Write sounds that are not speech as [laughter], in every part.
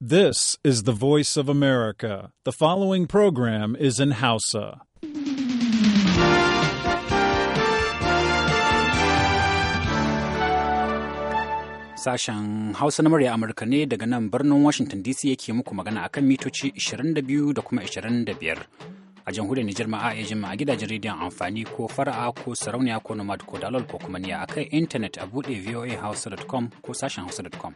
This is the voice of America. The following program is in Hausa. Sashen Hausa na murya Amurka ne daga nan birnin Washington DC yake muku magana akan mitoci 22 da kuma 25. A jamhuriyar Nijar ma a a gidajen rediyon amfani ko fara'a ko sarauniya ko nomad ko dalol ko kuma niya akan intanet a buɗe voahausa.com ko sashen hausa.com.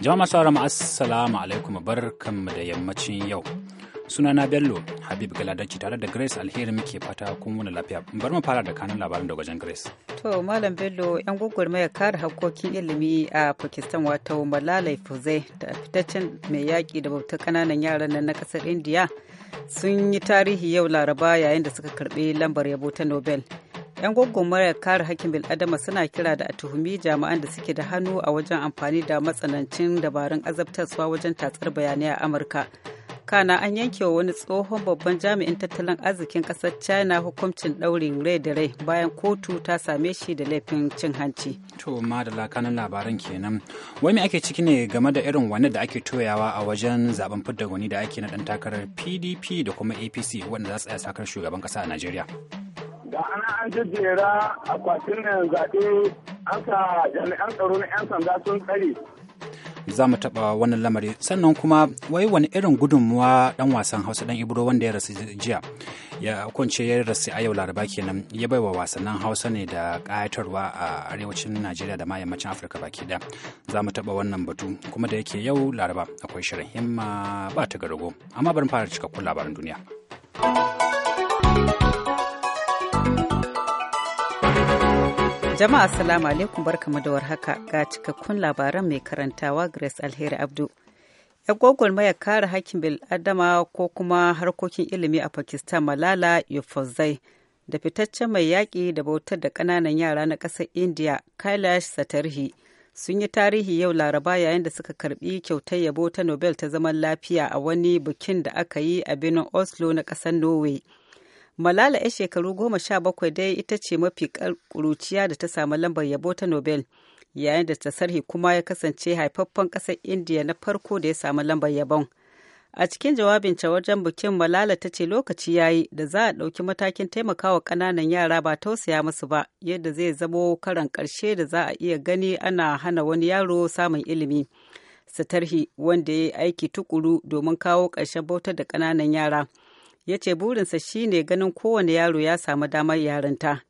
Jama'a sauraron assalamu alaikum barkanmu da yammacin yau. Sunana Bello Habib Galadanci tare da Grace Alheri muke fata kun wani lafiya. Bari mu fara da kanin labarin da wajen Grace. To Malam Bello yan gwagwarmaya kare hakokin ilimi a Pakistan wato Malala Yousafzai da fitaccen mai yaƙi da ta kananan yaran nan na kasar indiya sun yi tarihi yau Laraba yayin da suka karɓi lambar yabo ta Nobel. 'yan gwagwarmayar kare hakkin bil'adama suna kira da a tuhumi jami'an da suke da hannu a wajen amfani da matsanancin dabarun azabtarsuwa wajen tatsar bayanai a amurka kana an yanke wa wani tsohon babban jami'in tattalin arzikin kasar china hukuncin daurin rai da rai bayan kotu ta same shi da laifin cin hanci to da kanan labaran kenan wai me ake ciki ne game da irin wani da ake toyawa a wajen zaben fidda gwani da ake na dan takarar pdp da kuma apc wanda za su tsaya sakar shugaban kasa a najeriya da ana an jejjera akwatin zaɓe aka jami'an tsaro na 'yan sanda sun tsare za mu taɓa wannan lamari sannan kuma wai wani irin gudunmuwa ɗan wasan hausa ɗan ibro wanda ya rasu jiya ya kunce ya rasu a yau laraba kenan ya bai wa wasannin hausa ne da ƙayatarwa a arewacin najeriya da ma yammacin afirka baki ɗaya za mu taɓa wannan batu kuma da yake yau laraba akwai shirin himma ba ta garago amma bari fara cikakkun labaran duniya. Jama'a assalamu alaikum barkamu da warhaka ga cikakkun labaran mai karantawa Grace Alheri Abdu. Yan gwagwarmayar kare hakkin bil'adama ko kuma harkokin ilimi a Pakistan Malala Yousafzai da fitaccen mai yaƙi da bautar da ƙananan yara na ƙasar India Kailash Satarhi sun yi tarihi yau Laraba yayin da suka karbi kyautar yabo ta Nobel ta zaman lafiya a wani bikin da aka yi a birnin Oslo na ƙasar Norway. Malala 'yar shekaru goma sha bakwai dai ita ce mafi ƙuruciya da ta samu lambar yabo ta Nobel, yayin da ta sarhi kuma ya kasance haifaffen ƙasar Indiya na farko da ya samu lambar yabon. A cikin jawabinta wajen bikin Malala ta ce lokaci ya yi da za a ɗauki matakin taimakawa ƙananan yara ba tausaya musu ba, yadda zai zamo karan ƙarshe da za a iya gani ana hana wani yaro samun ilimi. Satarhi wanda ya yi aiki tukuru domin kawo ƙarshen bautar da ƙananan yara. ya ce burinsa shine ganin kowane yaro ya samu damar yarinta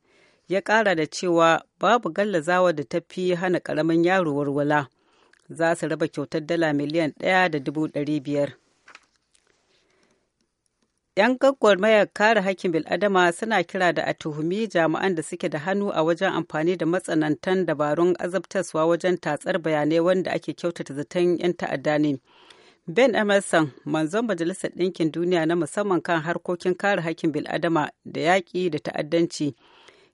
ya ƙara da cewa babu gallazawa da ta fi hana ƙaramin yaro warwala, za su raba kyautar dala miliyan ɗaya da dubu ɗari biyar 'yan mayar kare hakkin bil'adama suna kira da a tuhumi jami'an da suke da hannu a wajen amfani da matsanantan dabarun azabtaswa wajen tatsar bayanai wanda ake kyautata zaton 'yan ta'adda ne Ben Emerson, manzon Majalisar Ɗinkin Duniya na musamman kan harkokin kare hakkin bil'adama da yaƙi da ta'addanci,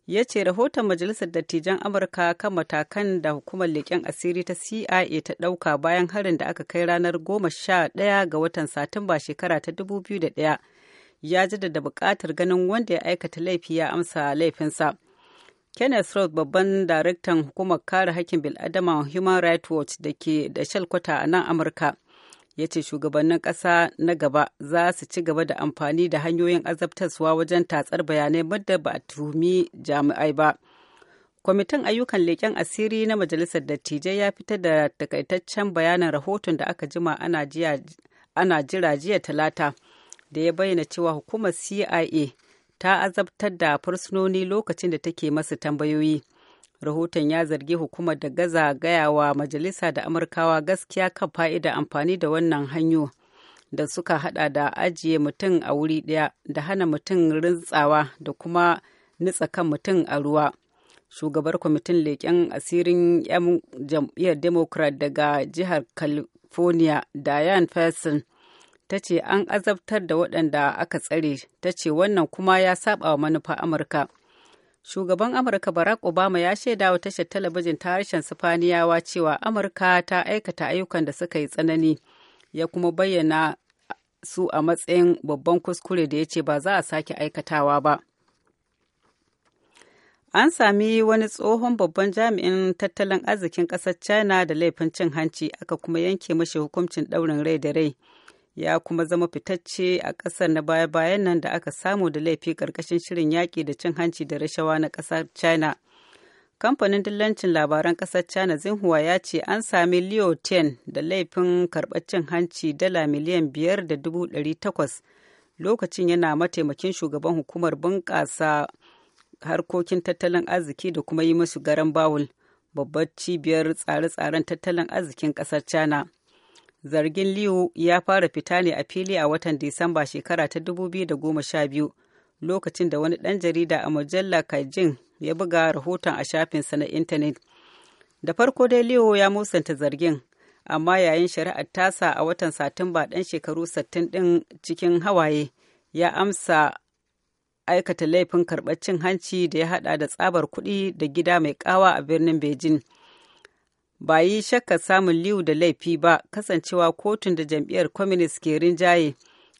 ya ce rahoton Majalisar Dattijan Amurka kan matakan da hukumar leƙen asiri ta CIA ta ɗauka bayan harin da aka kai ranar goma sha ɗaya ga watan Satumba shekara ta dubu biyu da ɗaya ya jaddada buƙatar ganin wanda ya aikata laifi ya amsa laifinsa. Kenneth Roth babban daraktan hukumar kare hakkin bil'adama Human Rights Watch da ke da shalkwata a nan Amurka. ya ce shugabannin ƙasa na gaba za su ci gaba da amfani da hanyoyin azabtarsuwa wajen tatsar bayanai madda ba a tuhumi jami'ai ba kwamitin ayyukan leƙen asiri na majalisar dattijai ya fitar da takaitaccen bayanin rahoton da aka jima ana jira jiya talata da ya bayyana cewa hukumar cia ta azabtar da fursunoni lokacin da take masu tambayoyi rahoton ya zargi hukumar da gaza gayawa majalisa da amurkawa gaskiya kan fa'ida amfani da wannan hanyo da suka hada da ajiye mutum a wuri daya da hana mutum rintsawa da kuma nitsa kan mutum a ruwa shugabar kwamitin leƙen asirin 'yan jam'iyyar democrat daga jihar california diane Faison ta ce an azabtar da waɗanda aka tsare ta ce wannan kuma ya saba wa manufa amurka shugaban amurka barack obama ya shaida wa tashar talabijin ta harshen sifaniyawa cewa amurka ta aikata ayyukan da suka yi tsanani ya kuma bayyana su a matsayin babban kuskure da ya ce ba za a sake aikatawa ba an sami wani tsohon babban jami'in tattalin arzikin ƙasar china da laifin cin hanci aka kuma yanke mashi hukuncin ɗaurin rai da rai ya kuma zama fitacce a ƙasar na baya-bayan nan da aka samu da laifi ƙarƙashin shirin yaƙi da cin hanci da rashawa na ƙasar china kamfanin dillancin labaran ƙasar china zinhua ya ce an sami leo ten da laifin karɓar cin hanci dala miliyan biyar da dubu ɗari takwas lokacin yana mataimakin shugaban hukumar bunƙasa harkokin tattalin arziki da kuma yi masu garan bawul babbar cibiyar tsare-tsaren tattalin arzikin ƙasar china zargin liu ya fara fita ne a fili a watan disamba shekara ta 2012 lokacin da wani ɗan jarida a mujalla kaijin ya buga rahoton a shafinsa na intanet da farko dai liu ya musanta zargin amma yayin shari'ar tasa a watan satumba dan shekaru 60 ɗin cikin hawaye ya amsa aikata laifin karɓar cin hanci da ya haɗa da tsabar kuɗi da gida mai kawa a birnin beijing ba yi shakka samun liu da laifi ba kasancewa kotun da jam'iyyar communist ke rinjaye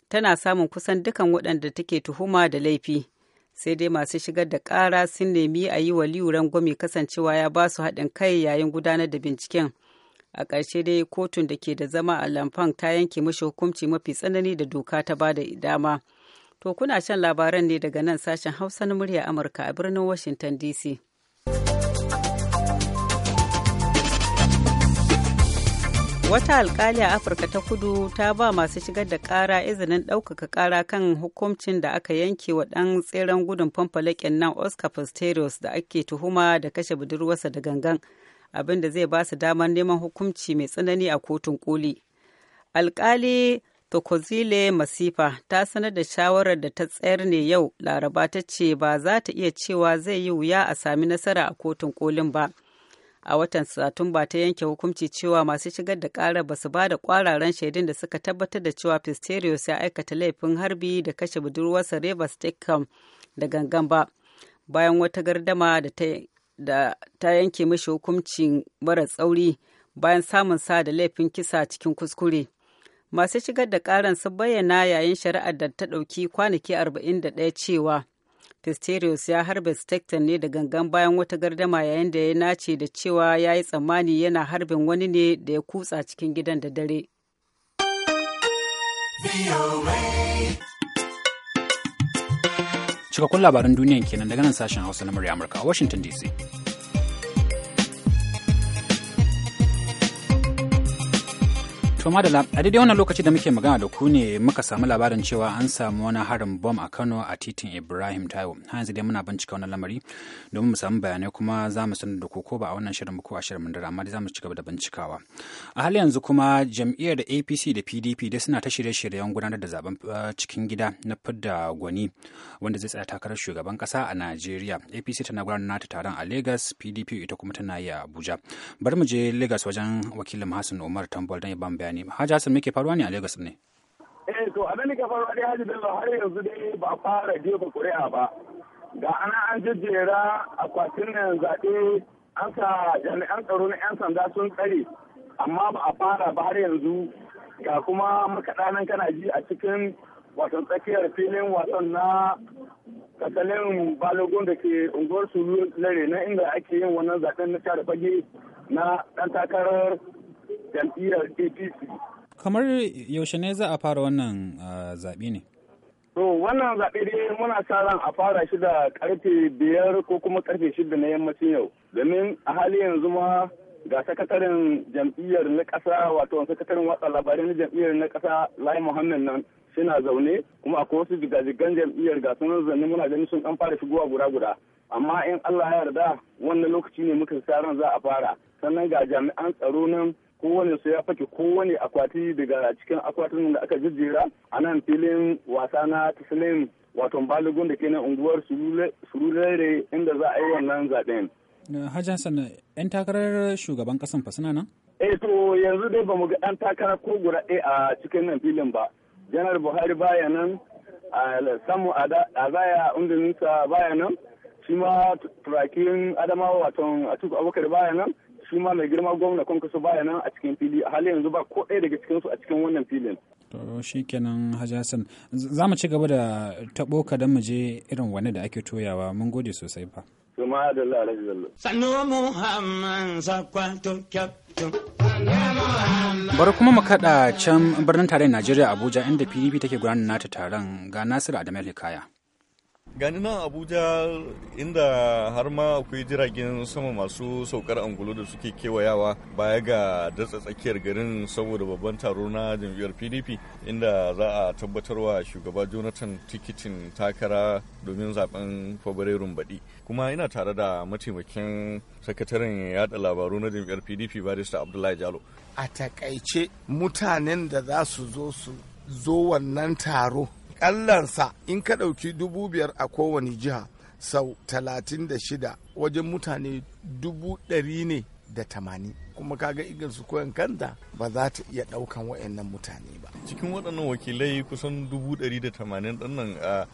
tana samun kusan dukan waɗanda take tuhuma da laifi sai dai masu shigar da ƙara sun nemi a yi wa liu rangwame kasancewa ya ba su haɗin kai yayin gudanar da binciken a ƙarshe dai kotun da ke da zama a lamfang ta yanke mashi hukunci mafi tsanani da doka ta ba da dama to kuna shan labaran ne daga nan sashen hausa na murya amurka a birnin washington dc wata alkali a afirka ta kudu ta ba masu shigar da kara izinin ɗaukaka kara kan hukumcin da aka yanke wa ɗan tseren gudun fanfalaken nan oscar pistorius da ake tuhuma da kashe budurwarsa da gangan abin da zai ba su damar neman hukumci mai tsanani a kotun koli alkali tokozile masifa ta sanar da shawarar da ta tsayar ne yau laraba ta ce ba za ta iya cewa zai yi wuya a sami nasara a kotun kolin ba. a watan satumba ta yanke hukunci cewa masu shigar da ƙarar ba su ba da ƙwararren shaidun da suka tabbatar da cewa pisterius ya aikata laifin harbi da kashe budurwarsa reva stickham da gangan ba bayan wata gardama da ta yanke mashi hukuncin mara tsauri bayan samun sa da laifin kisa cikin kuskure masu shigar da karar sun bayyana yayin shari'ar da ta ɗauki kwanaki arba'in da 41 cewa Pistorius ya harbe stecton ne da gangan bayan wata gardama yayin da ya nace da cewa ya yi tsammani yana harbin wani ne da ya kutsa cikin gidan da dare. Cikakkun labaran duniyan kenan daga nan sashen Hausa na murya Amurka a Washington DC. To madala a daidai wannan lokaci da muke magana da ku ne muka samu labarin cewa an samu wani harin bom a Kano a titin Ibrahim Taiwo. Har yanzu dai muna bincika wannan lamari domin mu samu bayanai kuma za mu sanar da ko ba a wannan shirin ko a shirin mun amma za mu ci gaba da bincikawa. A hali yanzu kuma jam'iyyar da APC da PDP dai suna ta shirye-shiryen gudanar da zaben uh, cikin gida na fidda gwani wanda zai tsaya takarar shugaban kasa a Najeriya. APC tana gudanar nata taron a Lagos, PDP ita kuma tana yi a Abuja. Bari mu je Lagos wajen wakilin Hassan Umar Tambol don ya bayani ne ba hajji hassan muke faruwa ne a lagos ne eh to a nan ke faruwa ne hajji har yanzu dai ba fara jefa kuri'a ba ga ana an jejjera akwatin nan zaɓe an sa jami'an tsaro na 'yan sanda sun tsare amma ba a fara ba har yanzu ga kuma makaɗa nan kana ji a cikin wasan tsakiyar filin wasan na kasalin balogun da ke unguwar sulu lare na inda ake yin wannan zaɓen na tare fage na ɗan takarar jam'iyyar APC. Kamar yaushe ne za a fara wannan ah, zaɓe ne? To wannan zaɓe ne muna sa ran a fara shi da karfe biyar ko kuma karfe shida na yammacin yau. Domin a hali yanzu ma ga sakataren jam'iyyar na ƙasa wato sakataren watsa labarai na jam'iyyar na ƙasa Lai Muhammad nan suna zaune kuma akwai wasu jigajigan jam'iyyar ga sunan zanne muna ganin sun ɗan fara shigowa guda-guda. Amma in Allah ya yarda wannan lokaci ne muka sa ran za a fara. Sannan ga jami'an tsaro nan kowane su ya fake kowane akwati daga cikin akwatin da aka jijjera a nan filin wasa na taslim wato baligun da ke na unguwar surulere inda za a yi wannan zaɓen. Hajjan 'yan takarar shugaban ƙasan fasina nan? Eh to yanzu dai ba mu ga ɗan takara ko guda ɗaya a cikin nan filin ba. Janar Buhari baya nan, Samu zaya Undinsa baya nan, shi ma Turakin Adamawa wato Atiku abokar baya nan, shi ma mai girma gwamna kwankwaso baya nan a cikin fili a halin yanzu ba ko ɗaya daga cikin su a cikin wannan filin. To shi kenan Hajjasan za mu ci gaba da taɓo kadan mu je irin wani da ake toyawa mun gode sosai fa. Kuma da Allah Sannu Muhammad Sakwato Kyaftin. Bari kuma mu kaɗa can birnin tarayyar Najeriya Abuja inda PDP take gudanar nata taron ga Nasiru Adamu Hikaya. gani nan abuja inda har ma akwai jiragen sama masu saukar angulo da suke kewayawa baya ga datsa tsakiyar garin saboda babban taro na jam'iyyar pdp inda za a tabbatarwa shugaba jonathan tikitin takara domin zaben fabrairun baɗi kuma ina tare da mataimakin sakataren yada labaru na jam'iyyar pdp barista abdullahi jalo a takaice mutanen da za su zo su zo wannan taro aƙallansa in ka ɗauki dubu biyar a kowane jiha sau talatin da shida wajen mutane dubu ɗari ne da tamanin kuma kaga igar su koyan kanta ba za ta iya ɗaukan wa'annan mutane ba cikin waɗannan wakilai kusan dubu ɗari da tamanin ɗannan a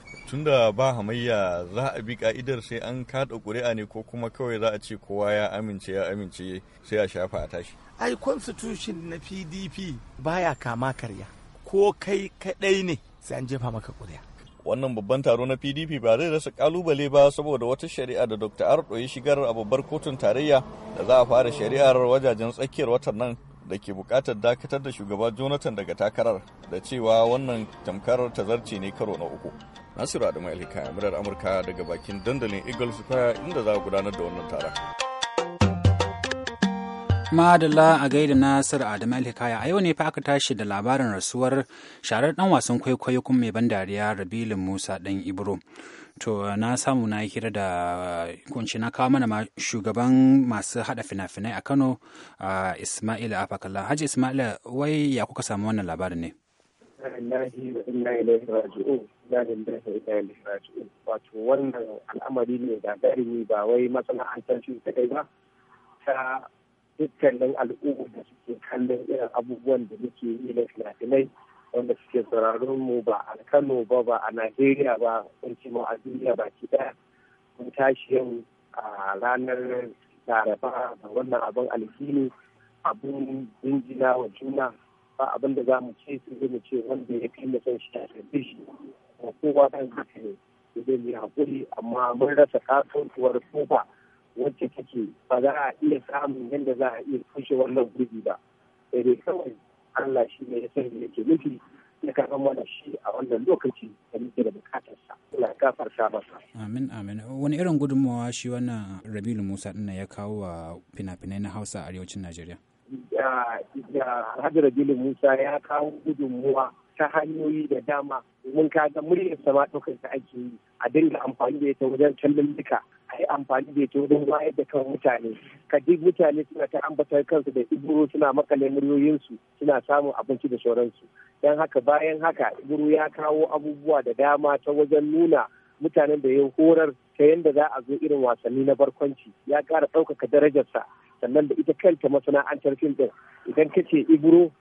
da ba hamayya za a bi ka'idar sai an kaɗa ƙuri'a ne ko kuma kawai za a ce kowa ya amince ya amince sai a shafa a tashi ai constitution na pdp baya kama karya ko kai kaɗai ne sai an jefa maka kuri'a wannan babban taro na pdp ba zai rasa kalubale ba saboda wata shari'a da dr ardo ya shigar a babbar kotun tarayya da za a fara shari'ar wajajen tsakiyar watan nan da ke bukatar dakatar da shugaba jonathan daga takarar da cewa wannan tamkarar zarce ne karo na uku nasiru adamu alhika murar amurka daga bakin dandalin eagles square inda za a gudanar da wannan taron Madala a gaida Nasir Adamu Alhikaya a yau ne fa aka tashi da labarin rasuwar sharar dan wasan kwaikwayo kuma mai ban dariya Rabilin Musa dan Ibro. To na samu na hira da kunci na kawo mana shugaban masu hada fina-finai a Kano Ismail Afakalla. Haji Ismail wai ya kuka samu wannan labarin ne? Wato wannan al'amari ne da ba wai matsala shi ta kai ba ta dukkanin al'ummar da suke kallon irin abubuwan da muke yi na finafinai wanda suke sauraron mu ba a Kano ba ba a Najeriya ba sun ce a duniya ki daya mun tashi yau a ranar Laraba da wannan abin alhini abin jinjina wa juna ba abin da za mu ce su zai mu ce wanda ya fi son shi a tafi kowa kan ne idan ya haƙuri amma mun rasa kasuwar kofa wacce take ba za a iya samun yadda za a iya kushe wannan gurbi ba daidai dai kawai Allah shi ne ya san da yake nufi ya karɓar mana shi a wannan lokaci da muke da bukatarsa Allah ya gafarta masa amin amin wani irin gudummawa shi wannan Rabilu Musa din ya kawo wa fina-finai na Hausa a arewacin Najeriya da Hajji Rabilu Musa ya kawo gudunmawa ta hanyoyi da dama domin kaga muryar sama ɗaukar da ake yi a dinga amfani da ita wajen kallon duka a yi amfani da ita wajen wayar da kan mutane ka duk mutane suna ta ambatar kansu da iburo suna makale muryoyinsu suna samun abinci da sauransu don haka bayan haka iburo ya kawo abubuwa da dama ta wajen nuna mutanen da ya horar ta yadda za a zo irin wasanni na barkwanci ya ƙara ɗaukaka darajarsa sannan da ita kanta masana'antar fim ɗin idan ka ce iburo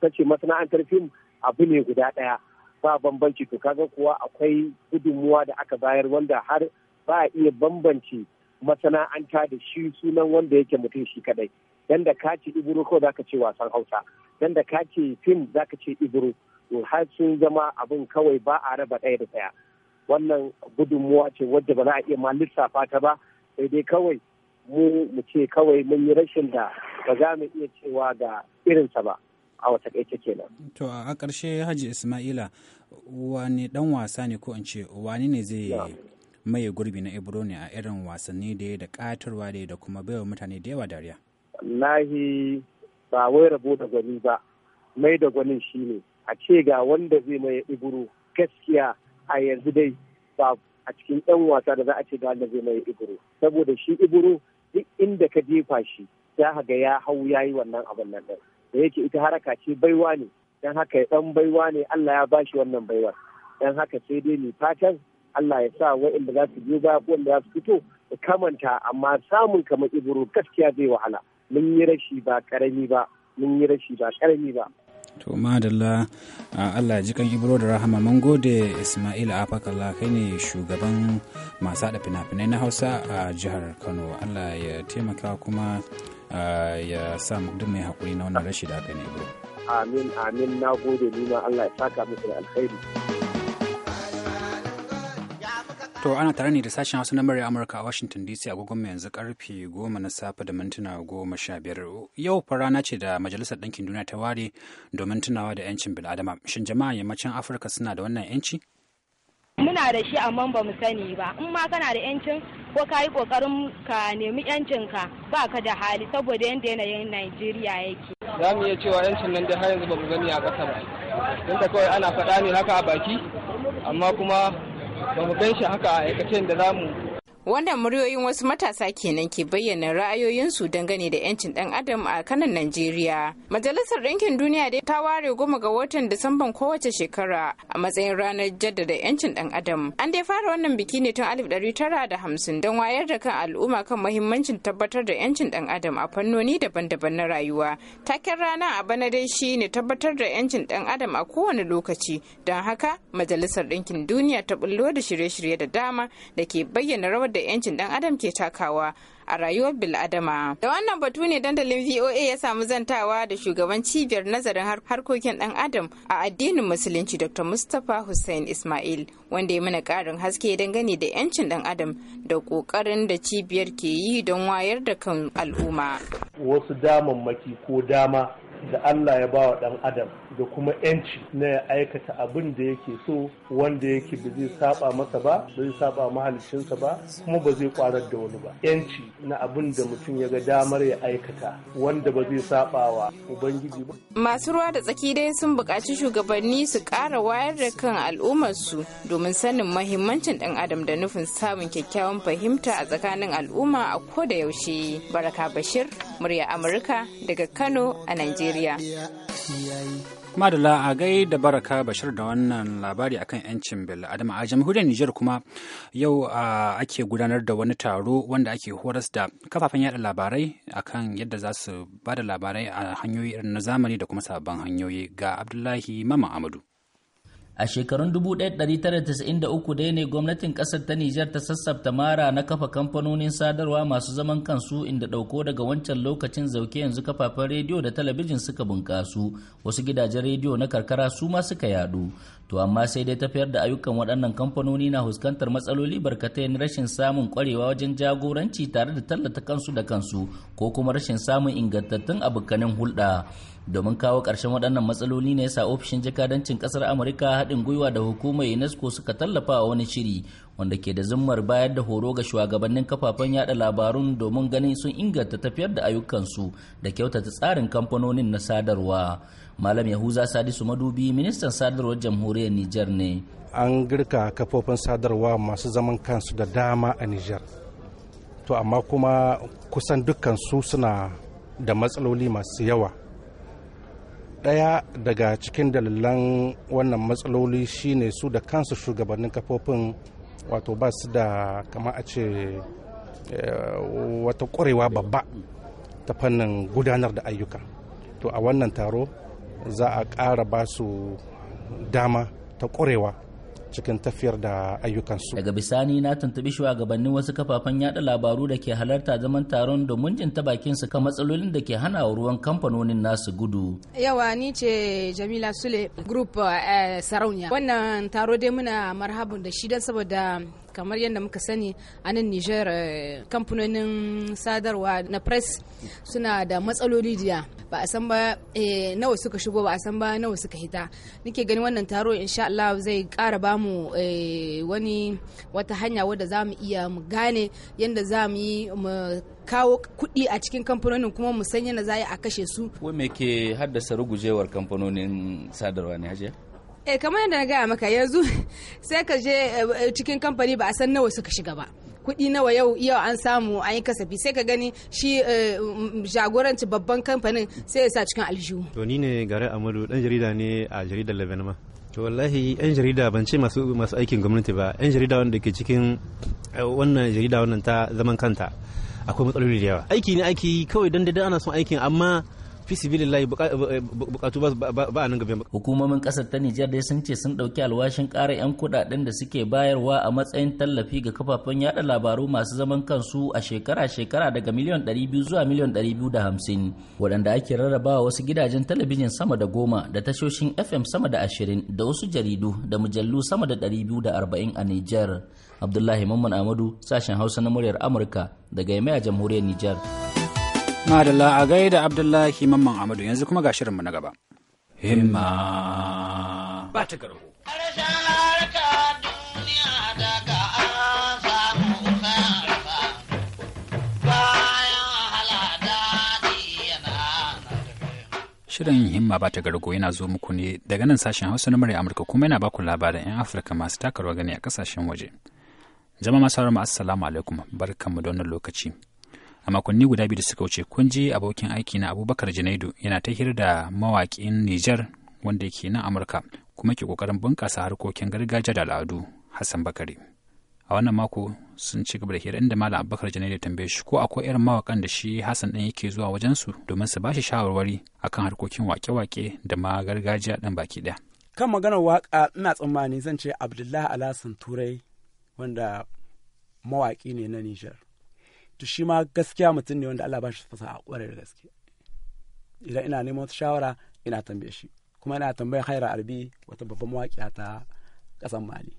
kace masana'antar fim abu ne guda ɗaya ba bambanci to kaga kuwa akwai gudunmuwa da aka bayar wanda har ba a iya bambance masana'anta da shi sunan wanda yake mutum shi kadai dan da ka ce iburu ko zaka ce wasan hausa dan da ka fim zaka ce iburu to har sun zama abin kawai ba a raba ɗaya da ɗaya wannan gudunmuwa ce wadda ba za a iya ma lissafa ta ba sai dai kawai mu mu ce kawai mun yi rashin da ba za mu iya cewa ga irinsa ba a wata ke nan. To a ƙarshe Haji Ismaila wani dan wasa ne ko in ce wani ne zai maye gurbi na Ibro ne a irin wasanni da ya da ƙatarwa da da kuma baiwa mutane da yawa dariya. lahi ba wai rabo da gwani ba mai da gwanin shi ne a ce ga wanda zai maye Ibro gaskiya a yanzu dai ba a cikin ɗan wasa da za a ce ga wanda zai maye Ibro saboda shi Ibro duk inda ka jefa shi za ga ya hau ya yi wannan abin nan ɗin. da yake ita haraka ce baiwa ne don haka ya ɗan baiwa ne Allah ya bashi wannan baiwa don haka sai dai ni fatan Allah ya sa waɗanda za su biyo baya ko wanda za su fito kamanta amma samun kamar iburu gaskiya zai wahala mun yi rashi ba karami ba mun yi rashi ba karami ba to madalla allah ji kan ibro da rahama mun gode ismail afakalla kai ne shugaban masu haɗa fina-finai na hausa a jihar kano allah ya taimaka kuma ya sa duk mai hakuri na wannan rashi da aka ne amin amin na gode nuna allah ya saka musu da alkhairi To ana tare ne da sashen Hausa na murya Amurka a Washington DC a mai yanzu karfe goma na safe da mintuna goma sha biyar. Yau farana ce da Majalisar Ɗinkin Duniya ta ware domin tunawa da 'yancin bil'adama. Shin jama'a yammacin Afirka suna da wannan 'yanci? Muna da shi amma ba mu sani ba. In ma kana da 'yancin ko ka yi ƙoƙarin ka nemi 'yancinka ba ka da hali saboda yadda yanayin Najeriya yake. Za mu iya cewa 'yancin nan da har yanzu ba mu gani a ƙasa ba. Don ta kawai ana faɗa ne haka a baki amma kuma ba mu gan shi haka a aikacen da za mu Wannan muryoyin wasu matasa kenan ke bayyana ra'ayoyinsu dangane da 'yancin ɗan adam a kanan Najeriya. Majalisar Ɗinkin Duniya dai ta ware goma ga watan Disamban kowace shekara a matsayin ranar jaddada 'yancin ɗan adam. An dai fara wannan biki ne tun alif tara da hamsin don wayar da kan al'umma kan mahimmancin tabbatar da 'yancin ɗan adam a fannoni daban-daban na rayuwa. Taken rana a bana dai shi ne tabbatar da 'yancin ɗan adam a kowane lokaci. Don haka Majalisar Ɗinkin Duniya ta bullo da shirye-shirye da dama da ke bayyana rawar da 'yancin dan adam ke takawa a rayuwar bil'adama. Da wannan batu ne dandalin VOA ya samu zantawa da shugaban cibiyar nazarin harkokin dan adam a addinin musulunci Dr. Mustapha Hussein Ismail wanda ya mana karin haske dangane da 'yancin dan adam da kokarin da cibiyar ke yi don wayar da kan al'umma. Wasu damammaki ko dama da Allah ya bawa ɗan adam da kuma yanci na ya aikata abin da yake so wanda yake ba zai saba masa ba ba zai saba mahalicinsa ba kuma ba zai kwarar da wani ba yanci na abin da mutum ya ga damar ya aikata wanda ba zai saba wa ubangiji ba masu ruwa da tsaki dai sun buƙaci shugabanni su ƙara wayar da kan al'ummarsu domin sanin mahimmancin ɗan adam da nufin samun kyakkyawan fahimta a tsakanin al'umma a koda yaushe baraka bashir murya amurka daga kano a najeriya Najeriya. Madala a gai da baraka bashir da wannan labari akan 'yancin bil adama a jamhuriyar Nijar kuma yau ake gudanar da wani taro wanda ake horas da kafafen yada labarai akan yadda za su ba da labarai a hanyoyi irin na zamani da kuma sabon hanyoyi ga Abdullahi Mama Amadu. a shekarun 1993 dai ne gwamnatin ƙasar ta Nijar ta sassabta mara na kafa kamfanonin sadarwa masu zaman kansu inda ɗauko daga wancan lokacin zauke yanzu kafafen rediyo da talabijin suka bunƙasu wasu gidajen rediyo na karkara su ma suka yadu to amma sai dai tafiyar da ayyukan waɗannan kamfanoni na fuskantar matsaloli barkatai na rashin samun ƙwarewa wajen jagoranci tare da tallata kansu da kansu ko kuma rashin samun ingantattun abokanin hulɗa. domin kawo ƙarshen waɗannan matsaloli ne yasa ofishin jakadancin ƙasar amurka haɗin gwiwa da hukumar unesco suka tallafa wa wani shiri wanda ke da zummar bayar da horo ga shugabannin kafafen yada labarun domin ganin sun inganta tafiyar da ayyukansu da kyautata tsarin kamfanonin na sadarwa malam yahuza sadisu madubi ministan sadarwar jamhuriyar niger ne an girka kafofin sadarwa masu zaman kansu da dama a niger to amma kuma kusan dukkan su suna da matsaloli masu yawa ɗaya daga cikin dalilan wannan matsaloli shine su da kansu shugabannin kafofin wato ba su da kama a ce eh, wata ƙwarewa babba ta fannin gudanar da ayyuka to a wannan taro za a ƙara ba su dama ta ƙwarewa cikin tafiyar da ayyukansu. Daga bisani na tuntubi shugabannin wasu kafafen yada labaru da ke halarta zaman taron domin jin ta bakin su kan matsalolin da ke hana ruwan kamfanonin nasu gudu. Yawa ni ce Jamila Sule group eh, Sarauniya. Wannan taro dai muna marhabun da shi don saboda kamar yadda muka sani a nan niger eh, kamfanonin sadarwa na press suna da matsaloli diya ba a san ba eh, nawa suka shigo ba a san ba nawa suka hita nake gani wannan taro insha Allah zai kara ba mu eh, wani wata hanya wadda za mu iya mu gane yadda za mu yi mu kawo kuɗi a cikin kamfanonin kuma mu san yadda za a kashe su wai me ke haddasa rugujewar kamfanonin sadarwa ne hajiya eh kamar yadda na gaya maka yanzu [laughs] sai ka je eh, eh, cikin kamfani ba a san nawa suka shiga ba kuɗi nawa yau yau an samu an yi kasafi sai ka gani shi eh, mm, jagoranci babban kamfanin sai ya sa cikin aljihu to ni ne gare amadu dan jarida ne a jaridar lebanon to wallahi yan jarida ban ce masu masu aikin gwamnati ba yan jarida wanda ke cikin wannan jarida wannan ta zaman kanta akwai matsaloli da yawa aiki ne aiki kawai dan da ana son aikin amma fi layi eh, eh, bukatu ba a nan gaban hukumomin kasar ta Nijar dai sun ce sun ɗauki alwashin ƙara 'yan kuɗaɗen da suke bayarwa a matsayin tallafi ga kafafen yaɗa labaru masu zaman kansu a shekara-shekara daga miliyan 200 zuwa miliyan 250 waɗanda ake rarrabawa wasu gidajen talabijin sama da goma da tashoshin FM sama da ashirin da wasu jaridu da mujallu sama da 240 a Nijar. Abdullahi Mamman Amadu sashen Hausa na muryar Amurka daga Yamaya jamhuriyar Nijar. Madalla a da Abdullahi Mamman Amadu yanzu kuma ga shirinmu na gaba. Himma ba ta garbo. Shirin himma ba ta gargo yana zo muku ne daga nan sashen Hausa na murya Amurka kuma yana baku labarin 'yan Afirka masu takarwa gani a kasashen waje. Jama masu haramu assalamu alaikum barkanmu da wannan lokaci. a makonni guda biyu da suka wuce kun ji abokin aiki na abubakar janaidu yana ta hira da mawaƙin nijar wanda ke nan amurka kuma ke kokarin bunƙasa harkokin gargajiya da al'adu hassan bakari a wannan mako sun ci gaba da hira inda malam abubakar janaidu tambaye shi ko akwai irin mawakan da shi hassan ɗin yake zuwa wajen su domin su ba shi shawarwari akan harkokin wake-wake da ma gargajiya ɗin baki ɗaya kan maganar waƙa ina tsammani zan ce abdullahi alhassan turai wanda mawaƙi ne na nijar to shi ma gaskiya mutum ne wanda Allah ba shi fasaha a da gaske idan ina neman wata shawara ina tambaye shi kuma ina tambayar haira arbi wata babban mawaƙiya ta ƙasar mali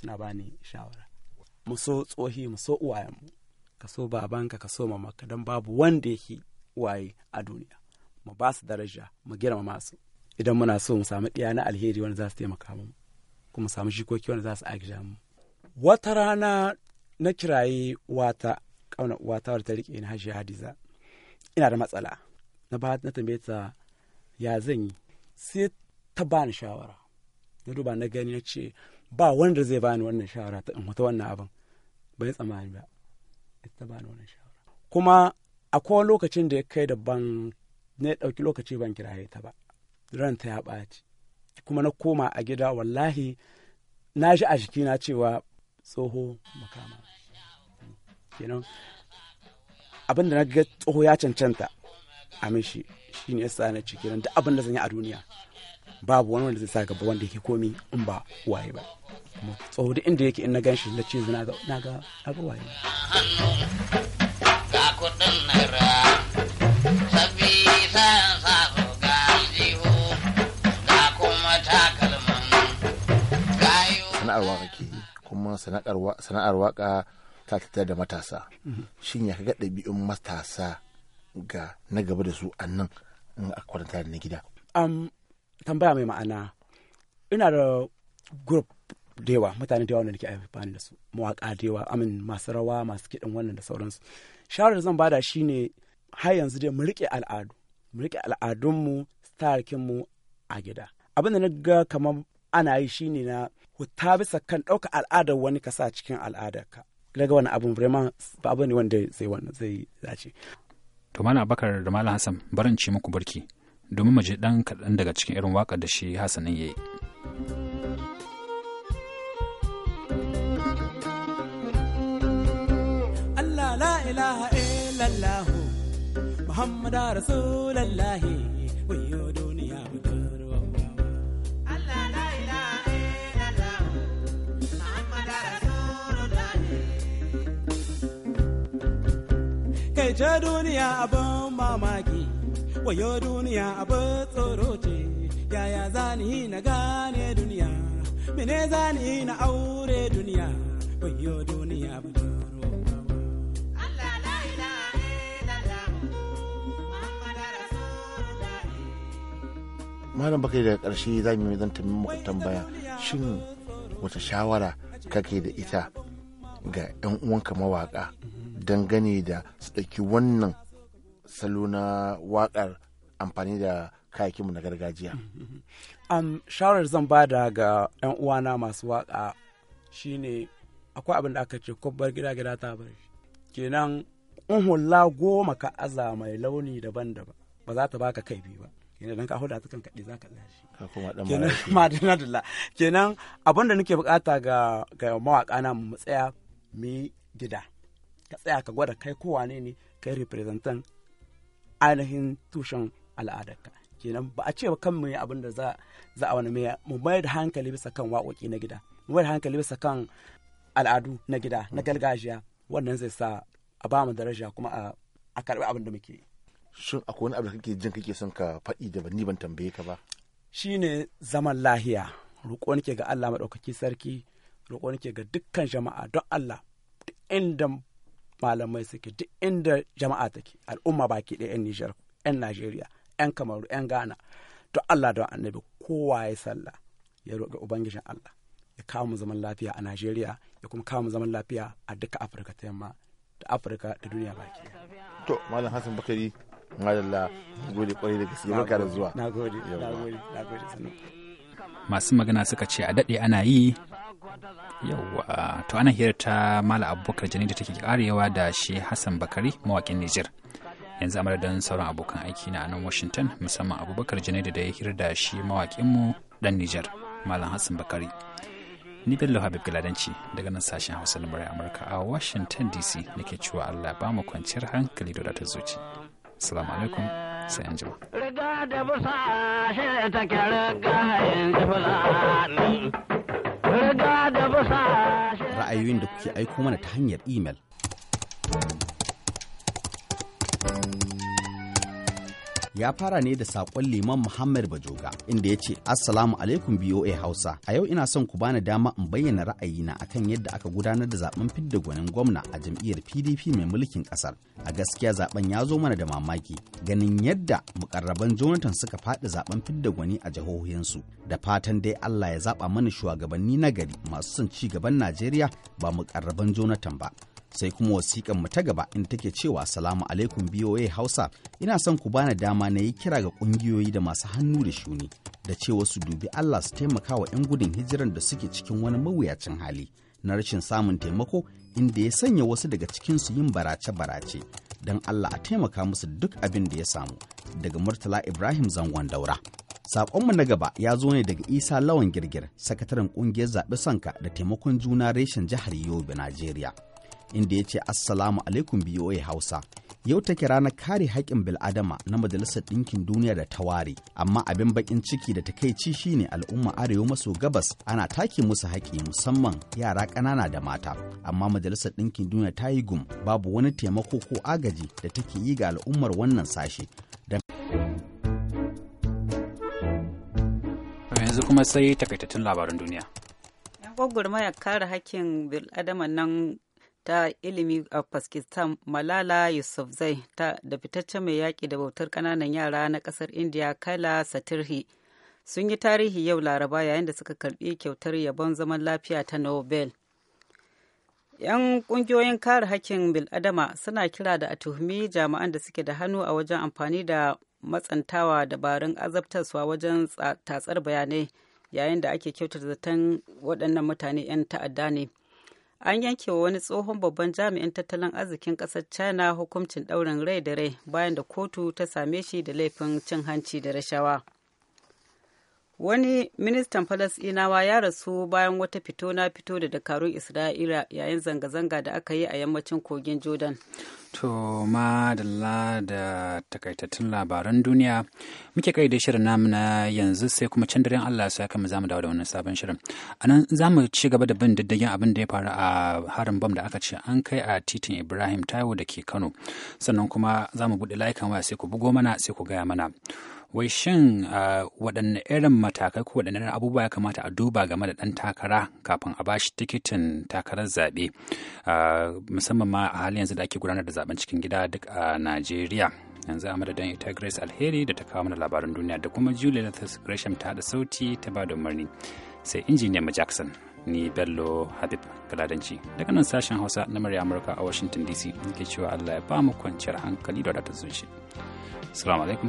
suna bani shawara mu so tsohi mu so uwayenmu ka so babanka ka so mamaka don babu wanda yake uwaye a duniya mu ba su daraja mu girmama masu. idan muna so mu samu ɗiya na alheri wanda za su taimaka mu kuma samu shikoki wanda za su aiki mu wata rana na kiraye wata ƙauna uwata wadda ta riƙe ni hajiya hadiza ina da matsala na ba na tambaye ta ya zan yi sai ta bani shawara na duba na gani na ce ba wanda zai bani wannan shawara ta in wata wannan abin ba ya tsamani ba ta bani wannan shawara kuma akwai lokacin da ya kai da ban na ya ɗauki lokaci ban kiraye ta ba ranta ya ɓaci kuma na koma a gida wallahi na ji a jikina cewa tsoho makama kenan abin da na ga tsoho ya cancanta a mishi shi ne yasa na ci kenan duk abin da zan yi a duniya babu wani wanda zai sa gaba wanda yake komi in ba waye ba tsoho duk inda yake in na gan shi na ce na ga na ga waye sana'ar waka ke kuma sana'ar waka ka tattara da matasa shin ya ga ɗabi'un matasa ga na gaba da su a nan in a kwanta na gida tambaya mai ma'ana ina da group da yawa mutane da yawa wanda nake amfani da su mawaƙa da yawa amin masu rawa masu kiɗan wannan da sauransu shawarar zan bada shine har yanzu dai mu riƙe al'adu mu riƙe al'adunmu mu a gida abin da na ga kamar ana yi shine na huta bisa kan ɗauka al'adar wani ka sa cikin al'adarka daga wani abu vraiment ba abu ne wanda zai wannan zai zace to mana abakar da malam hassan barin ci muku barki domin mu dan kaɗan daga cikin irin waka da shi hassanin yayi Allah la ilaha illallah Muhammadu Rasulullahi ce duniya abin mamaki wayo duniya abin tsoro ce yaya zani na gane duniya mene zani na aure duniya wayo duniya abin malam baka daga karshe za mu yi zan tambaya shin wata shawara kake da ita ga 'yan uwanka mawaka dangane da su ɗauki wannan salo na waƙar amfani da kayakinmu na gargajiya. Um, shawarar zan bada ga 'yan uwana masu waƙa shine akwai abin da aka ce kubbar gida gida ta bari kenan in hula goma ka aza mai launi daban-daban ba za ta baka kai biyu ba kenan dan ka huda ta kaɗi, za ka tsashi kenan madina [laughs] dalla kenan abin da nake bukata ga ga mawaka na mu tsaya mu yi gida ka tsaya ka gwada kai kowa ne ne kai representan ainihin tushen al'adarka kenan ba a ce ba kan mu yi abin da za a wani mai mu mai da hankali bisa kan waƙoƙi na gida mu mai da hankali bisa kan al'adu na gida na gargajiya wannan zai sa a ba mu daraja kuma a karɓi abin da muke shin akwai wani abu da kake jin kake son ka faɗi da ni ban tambaye ka ba shine zaman lahiya roƙo nake ga Allah maɗaukaki sarki roƙo nake ga dukkan jama'a don Allah duk inda malamai suke duk inda jama'a take al'umma baki ɗaya 'yan Nijar 'yan Najeriya 'yan Kamaru 'yan Ghana don Allah don annabi kowa ya sallah ya roƙi ubangijin Allah ya kawo mu zaman lafiya a Najeriya ya kuma kawo mu zaman lafiya a duka Afirka ta yamma da Afirka da duniya baki to malam Hassan Bakari madalla gode kwarai da gaske barka da zuwa Na gode, nagode nagode nagode sanin masu magana suka ce a daɗe ana yi yauwa to ana hira ta mala abubakar jani da take karewa da shi hassan bakari mawakin niger yanzu amara don sauran abokan aiki na nan washington musamman abubakar jani da ya hira da shi mawakinmu dan niger malam hassan bakari ni bello habib galadanci daga nan sashen hausa na murai amurka a washington dc nake cewa allah ba mu kwanciyar hankali da ta zuci assalamu alaikum sai an jima da busa shi take riga yanzu fulani. Riga da busa shi. Ra'ayoyin da kuke aiko mana ta hanyar imel. ya fara ne da saƙon liman Muhammad Bajoga inda ya ce Assalamu alaikum BOA Hausa. A yau ina son ku bani dama in bayyana ra'ayina akan yadda aka gudanar da zaben fidda gwanin gwamna a jam'iyyar PDP mai mulkin ƙasar. A gaskiya zaben ya zo mana da mamaki ganin yadda mukarraban Jonathan suka faɗi zaben fidda gwani a jihohinsu. Da fatan dai Allah ya zaɓa mana shugabanni na gari masu son ci gaban Najeriya ba mukarraban Jonathan ba. sai kuma wasiƙan mu ta gaba inda take cewa salamu alaikum BOA Hausa ina son ku bani dama na yi kira ga ƙungiyoyi da masu hannu da shuni da cewa su dubi Allah su taimaka wa 'yan gudun hijiran da suke cikin wani mawuyacin hali na rashin samun taimako inda ya sanya wasu daga cikin su yin barace-barace don Allah a taimaka musu duk abin da ya samu daga Murtala Ibrahim Zangon Daura. Saƙonmu na gaba ya zo ne daga Isa Lawan Girgir, sakataren ƙungiyar zaɓe sanka da taimakon juna reshen jihar Yobe, Najeriya. inda ya ce assalamu alaikum BOA Hausa. Yau take ranar kare haƙƙin bil'adama na Majalisar Ɗinkin Duniya da ta ware, amma abin baƙin ciki da ci shine al'umma arewa maso gabas ana take musu haƙƙi musamman yara ƙanana da mata. Amma Majalisar Ɗinkin Duniya ta yi gum babu wani taimako ko agaji da take yi ga al'ummar wannan sashe. Yanzu kuma sai takaitattun labaran duniya. yan gwagwarmayar kare haƙƙin bil'adama nan ta ilimi a pakistan malala yusufzai da fitacce mai yaƙi da bautar ƙananan yara na ƙasar india kala satirhi sun yi tarihi yau laraba yayin da suka karbi kyautar yabon zaman lafiya ta nobel 'yan ƙungiyoyin kare hakkin biladama suna kira da a tuhumi jami'an da suke da hannu a wajen amfani da matsantawa dabarun azabtaswa wajen tatsar bayanai yayin da ake kyautar zaton waɗannan mutane 'yan ta'adda ne an yanke wa wani tsohon babban jami'in tattalin arzikin ƙasar china hukuncin ɗaurin rai da rai bayan da kotu ta same shi da laifin cin hanci da rashawa wani ministan falasɗinawa ya rasu bayan wata fito na fito da dakarun isra'ila yayin zanga-zanga da aka yi a yammacin kogin jordan to madalla da takaitattun labaran duniya muke kai da shirin namu na yanzu sai kuma can daren allah su kama zamu dawo da wannan sabon shirin a nan za mu ci gaba da bin diddigin abin da ya faru a harin bam da aka ce an kai a titin ibrahim taiwo da ke kano sannan kuma za mu buɗe layukan waya sai ku bugo mana sai ku gaya mana wai shin waɗanne irin matakai ko waɗanne abubuwa ya kamata a duba game da ɗan takara kafin a bashi tikitin takarar zaɓe musamman ma a halin yanzu da ake gudanar da zaben cikin gida duk a najeriya yanzu a madadin ita grace alheri da ta kawo mana labaran duniya da kuma julia lathis gresham ta da sauti ta ba da umarni sai injiniyan ma jackson ni bello habib galadanci daga nan sashen hausa na murya amurka a washington dc nake cewa allah ya ba mu kwanciyar hankali da wadatar zuciya. Assalamu alaikum